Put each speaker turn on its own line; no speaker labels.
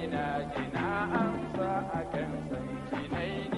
jina jina an sa akan san jinai ne